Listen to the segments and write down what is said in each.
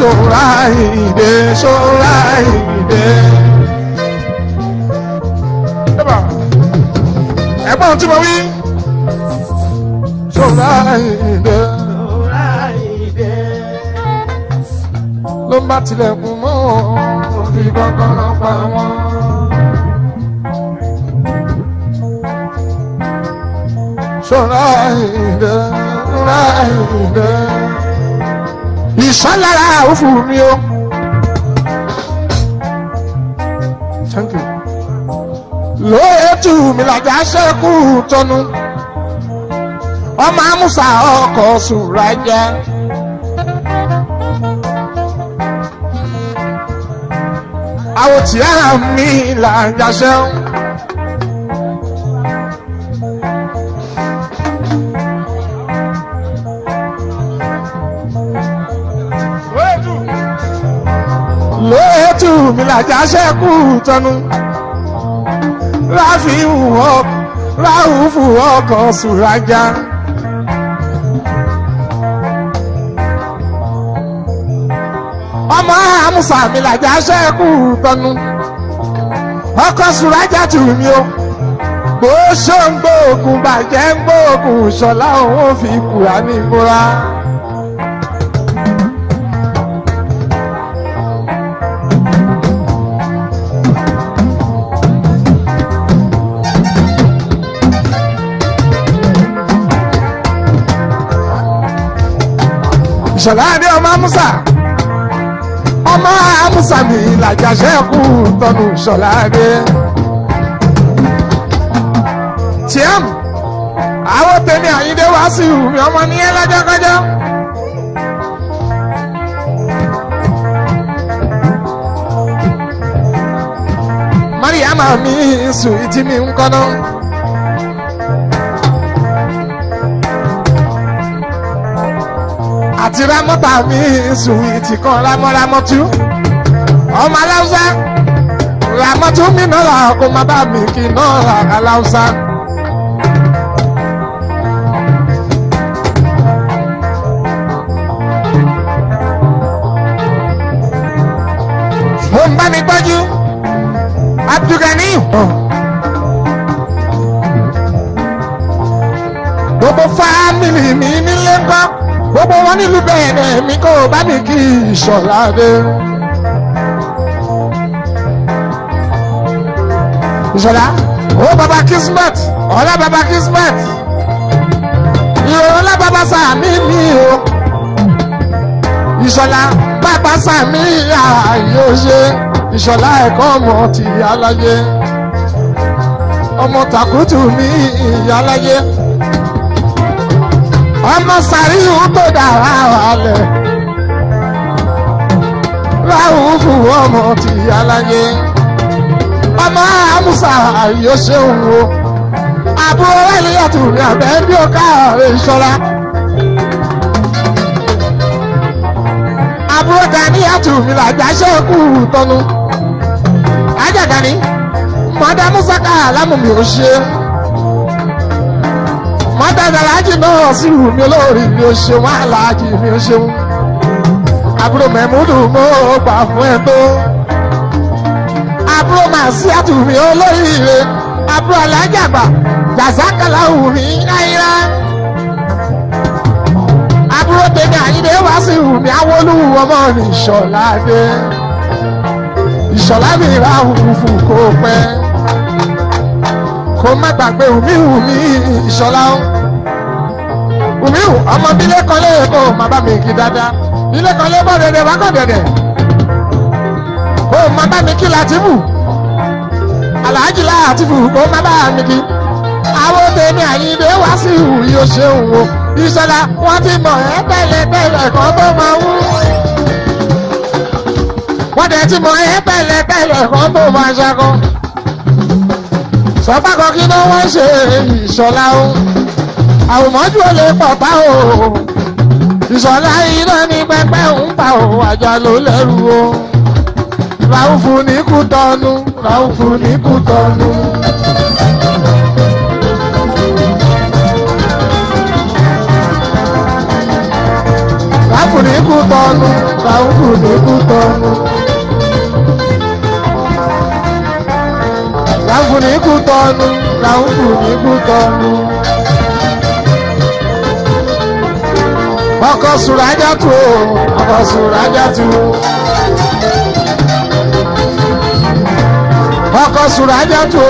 so right, it is so Come on. Ẹ̀gbọ́n tí mo wí. So right, it is. Ló ń bá tilẹ̀kùn mọ́ òfin gbọ́ngàn lọ pa wọ́n. So right, it nìsọ́lára òfò mi o. Thank you. lóye tù mí làjà ṣẹ́kù tọ́nu ọmọ amúsà ọkọ̀ sùúrà jẹ́. àwòtí àmì làjà ṣẹ́kù. Rafiu mi làjà ṣẹ́kù tẹnu. Rafiu ọ Ráhùfù ọkàn Sùrájà. Ọmọ Amusa mi làjà ṣẹ́kù tẹnu. Ọkọ Sùrájà tù mí o. Gbóṣó ń gbóògùn bàjẹ́ ń gbóògùn ṣọlá òun fi kùrà ní ìmúra. ìṣọ̀lá adé ọmọ amúsà ọmọ amúsà mi làjà ṣẹ́kù tọ́nu ìṣọ̀lá adé. tiẹ́m àwọn tèmi àyíndé wá sí ìhùmí ọmọ ní ẹlẹ́jọ́kọ́jọ́. mariama mi sùn ìdí mi ń kọ́nà. àti rámọ́tà mi sùwìtì kan rámọ́rámọ́ tú ọmọ aláwùsá rámọ́ mi náà kó má bá mi kí náà aláwùsá. mo ń bá mi gbọ́jú Abdulgani. gbogbo fámìlì mi nílé ń gbọ́ gbogbo wọn nílùú bẹ̀rẹ̀ mi kò bá ní kí ìṣọ̀lá dẹrùn. ìṣọ̀lá ó baba kismet ọ̀la baba kismet ìrọ̀lá baba sàmì mi o ìṣọ̀lá baba sàmì ààyè ṣe ìṣọ̀lá ẹ̀kọ́ ọmọ ti aláyé ọmọ tàkùtù ní ìyá aláyé ọmọ sàríhù tó dára wàlẹ̀ ráhùn fún ọmọ ti aláyé ọmọ àmúṣà yóò ṣeun o àbúrò ẹni yàtọ̀ ní abẹ́ bí ó káàárẹ̀ ìṣọ́ra. àbúrò dání yàtọ̀ mi làjà ṣẹ́kù tọ́nu. ajá dání mọ̀ọ́dá musa káà lámùmí ò ṣeun mọ́tàdà láàjì náà sì wù mí lórí mi ò ṣeun aláàjì mi ò ṣeun àbúrò mẹ́múdù mo gbà fún ẹ tó àbúrò màsíàtù mi olóríire àbúrò alájàgbà jàzákàlà wù mí náírà àbúrò tèmi àyíndé wá sí wù mí awolúwù ọmọ ní ìṣọ̀lá dé ìṣọ̀lá mi ra òkùnfù kó pẹ́ kó má gbàgbé wùmí wùmí ìṣọlá ó wùmí wù ọmọ bílé kọlé kó má bá mi kí dáadáa ilé kọlé bọ́ dẹ̀dẹ̀ wá kọ̀ dẹ̀dẹ̀ kó má bá mi kí látìfù aláàjì látìfù kó má bá mi kí àwọn tèmi àyíndé wá sí ìhù yóò ṣeun o ìṣọlá wọn ti mọ ẹ tẹ́lẹ̀ tẹ́lẹ̀ kọ tó máa wú wọ́n dẹ̀ ti mọ ẹ tẹ́lẹ̀ tẹ́lẹ̀ kọ tó máa ṣakọ pàpà kan kí ló wọ́n ṣe ìṣọ̀lá o àwòmọ́jú ò lè pọ̀pá o ìṣọ̀lá iná ní pẹpẹ ń pa o àjà ló lẹ́rù o ràùfù ní kú tọ́nu ràùfù ní kú tọ́nu. ràùfù ní kú tọ́nu ràùfù ní kú tọ́nu. ní kú tọ́nu Ràúfù ní kú tọ́nu. ọkọ̀ sùrájà tù ọkọ̀ sùrájà tù ọkọ̀ sùrájà tù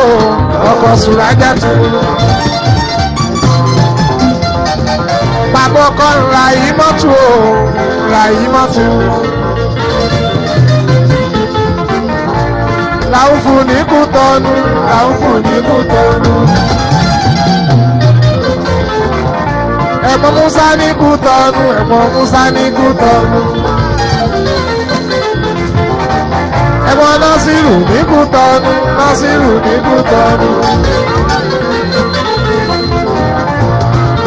ọkọ̀ sùrájà tù ó. bàbá ra yìí mọ́tò ra yìí mọ́tò làwọn fún ní kú tọ́nu làwọn fún ní kú tọ́nu. ẹ̀gbọ́n Musa ní kú tọ́nu ẹ̀gbọ́n Musa ní kú tọ́nu. ẹ̀gbọ́n Násìrù ní kú tọ́nu Násìrù ní kú tọ́nu.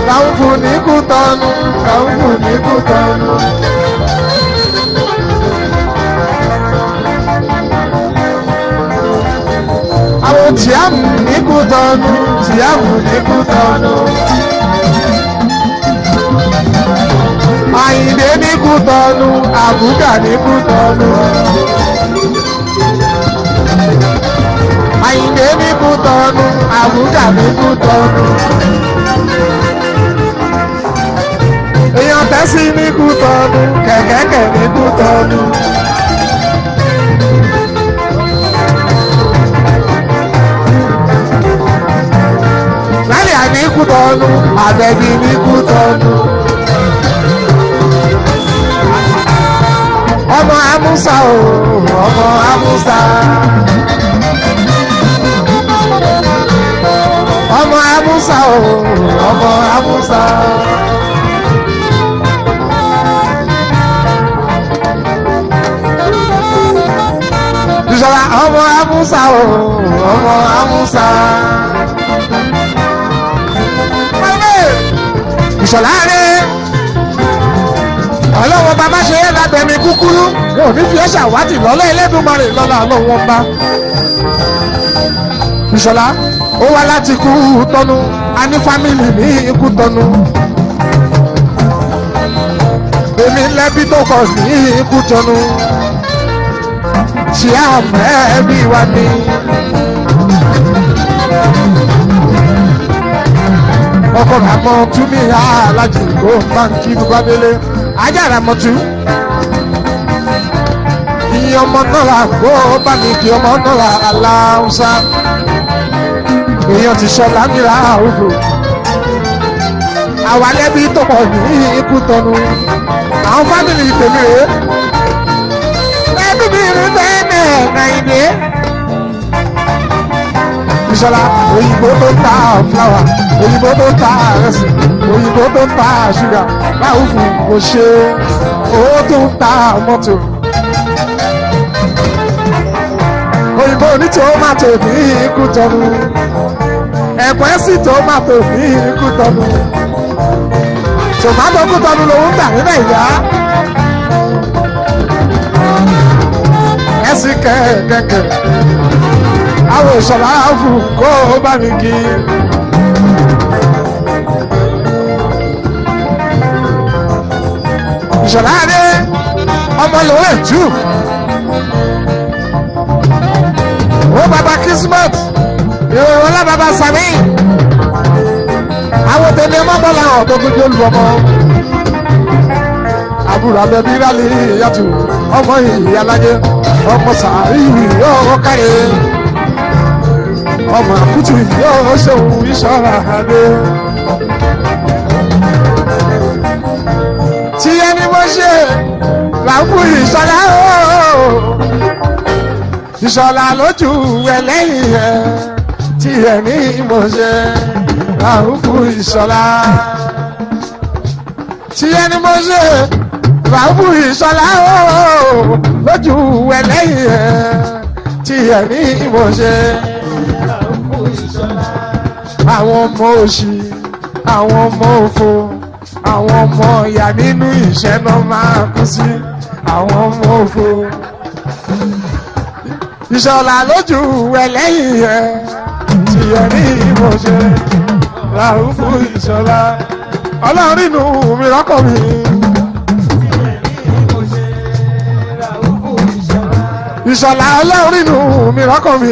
làwọn fún ní kú tọ́nu làwọn fún ní kú tọ́nu. ahụ jiamụ ịkụta ọnụ jiamụ ịkụta ọnụ Àyìndé n'ịkụta ọnụ Abuka n'ịkụta ọnụ Àyìndé n'ịkụta ọnụ Abuka n'ịkụta ọnụ èèyàn tẹ́sí n'ịkụta ọnụ kẹ̀kẹ́kẹ̀ n'ịkụta ọnụ. ní Kútọ́nù àbẹ̀bí ní Kútọ́nù. ọmọ amúsà o ọmọ amúsà. ọmọ amúsà o ọmọ amúsà. ìṣọ̀ra ọmọ amúsà o ọmọ amúsà. sọ láàrin ọlọ́wọ́ bàbá ṣe é lágbẹ̀mí kúkúrú wọn ò ní fi ẹ́ṣà wádìí lọ́lọ́ Ẹlẹ́dùmarè lọ́la ọlọ́wọ́ bá ìṣọ̀lá ó wá láti kú tọ́nu a ní fámìlì ní ikú tọ́nu èmi lẹ́bí tó kọ̀ ní ikú tọ́nu ṣìyá ọ̀mọ́ ẹbí wa ni ọkọ mi àmọ́ túmí alájì kó máa ń kí bá délé ajára mọ́tú. ìyẹn ọmọ náà kó bá mi kí ọmọ náà aláwùsá èèyàn ti ṣọlá nílá òfò àwa lẹ́bí tó ní ikú tọ́nu àwọn fámìlì tèmi rèé ẹbí mi rí bẹ́ẹ̀ náà nàìjíríà. Ṣọlá òyìnbó tó ń ta fúláwà òyìnbó tó ń ta rẹsì O tó ń ta ṣúgà báwo fún kò ṣe owó tó ń ta mọ́tò. òyìnbó ní tòmátò ní ikú tọ́nu ẹ̀pọ̀ ẹ̀sìn tòmátò ní ikú tọ́nu tòmátò kú tọ́nu lòún tà ní nàìjíríà. ẹ̀sìn kẹ̀kẹ̀kẹ̀. Awo ìṣọ̀lá àfù kó o bá mi ki. ìṣọ̀lá adé ọmọ lòun ètú. ó bàbá kismet ìròyìn wọn lábàbà sàmì. àwọn tèmi mọ́mọ́ làwọn ọ̀dọ́ gbogbo olùbọ̀mọ́. àbúrò abẹ́bí rálẹ̀ yàtọ̀ ọmọ ìyá lájẹ ọmọ sàárì yìí yóò ọmọ àkútù yóò ṣòwò ìṣọ́ra àdé. tíyẹ ni mo ṣe làákù ìṣọ́ra ooo ìṣọ́ra lójú ẹlẹ́yìn ẹ̀ tíyẹ ni mo ṣe làákù ìṣọ́ra tíyẹ ni mo ṣe làákù ìṣọ́ra ooo lójú ẹlẹ́yìn ẹ̀ tíyẹ ni mo ṣe àwọn ọmọ òṣì àwọn ọmọ òfò àwọn ọmọ ìyà nínú ìṣẹ́ náà máa kú sí àwọn ọmọ òfò. ìṣọ̀lá lójú ẹlẹ́yìn ẹ̀ tìyẹ̀ ní ìmọ̀ṣẹ́ làrúfù ìṣọ̀lá ọlọ́run nù mí lọ́kọ̀ mi. ìṣọ̀lá ọlọ́run nù mí lọ́kọ̀ mi.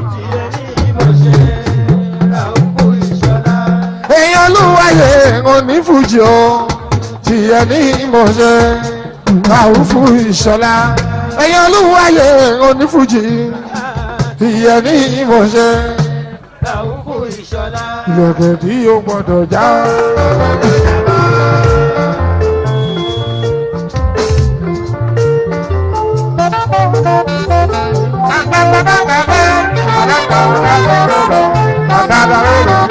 olúwayé òní fújì o tìyẹ ní ìmọ̀ṣẹ́ àwùfù ìṣọ̀lá ẹ̀yẹ olúwayé òní fújì tìyẹ ní ìmọ̀ṣẹ́ àwùfù ìṣọ̀lá ìyọ̀kẹ̀ tí yóò gbọ́dọ̀ já. Thank you.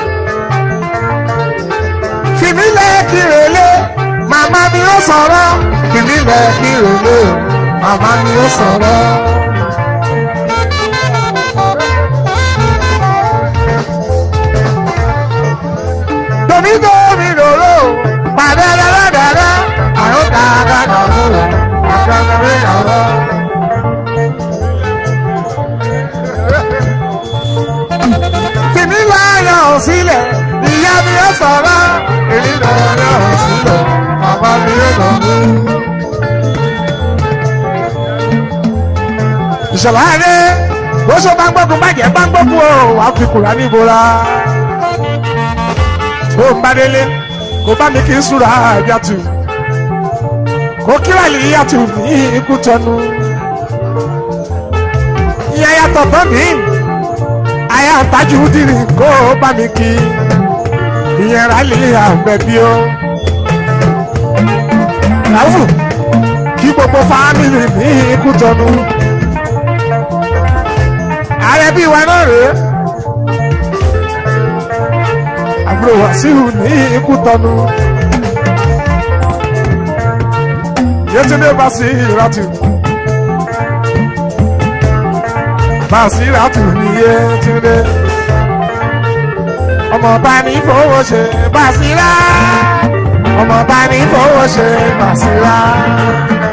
Kirele, mama mi ó sọ̀rọ̀ kìnìlẹ̀ kírelé màmá mi ó sọ̀rọ̀. Domi domi lòlò, pàdé lọ́dọ̀ rẹ̀. ìṣọ̀láre bó ṣe bá ń gbógun bàjẹ́ bá ń gbógun o wà á fi kùrà níbora. bó ń bá délé kò bá mi kí n súra àjàtù kò kíra lè yàtù ní ikú tọnu. ìyá yàtọ̀ mi àyà àtàjù dìrì kó bá mi kí ìyẹn rà lè àgbẹ̀ bí o. ràwù kí gbogbo fámìlì ní ikú tọnu ààrẹ bí wa náà rèé. àbúrò wàsíù ní ikú tọnu. yétúndé bá sí ìrátù. bá sí ìrátù ní yétúndé. ọmọ bá ní fowó ṣe bá sí rá. ọmọ ní fowó ṣe bá sí rá.